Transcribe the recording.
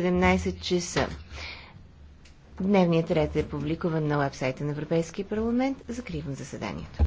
17 часа. Дневният ред е публикуван на вебсайта на Европейския парламент. Закривам заседанието.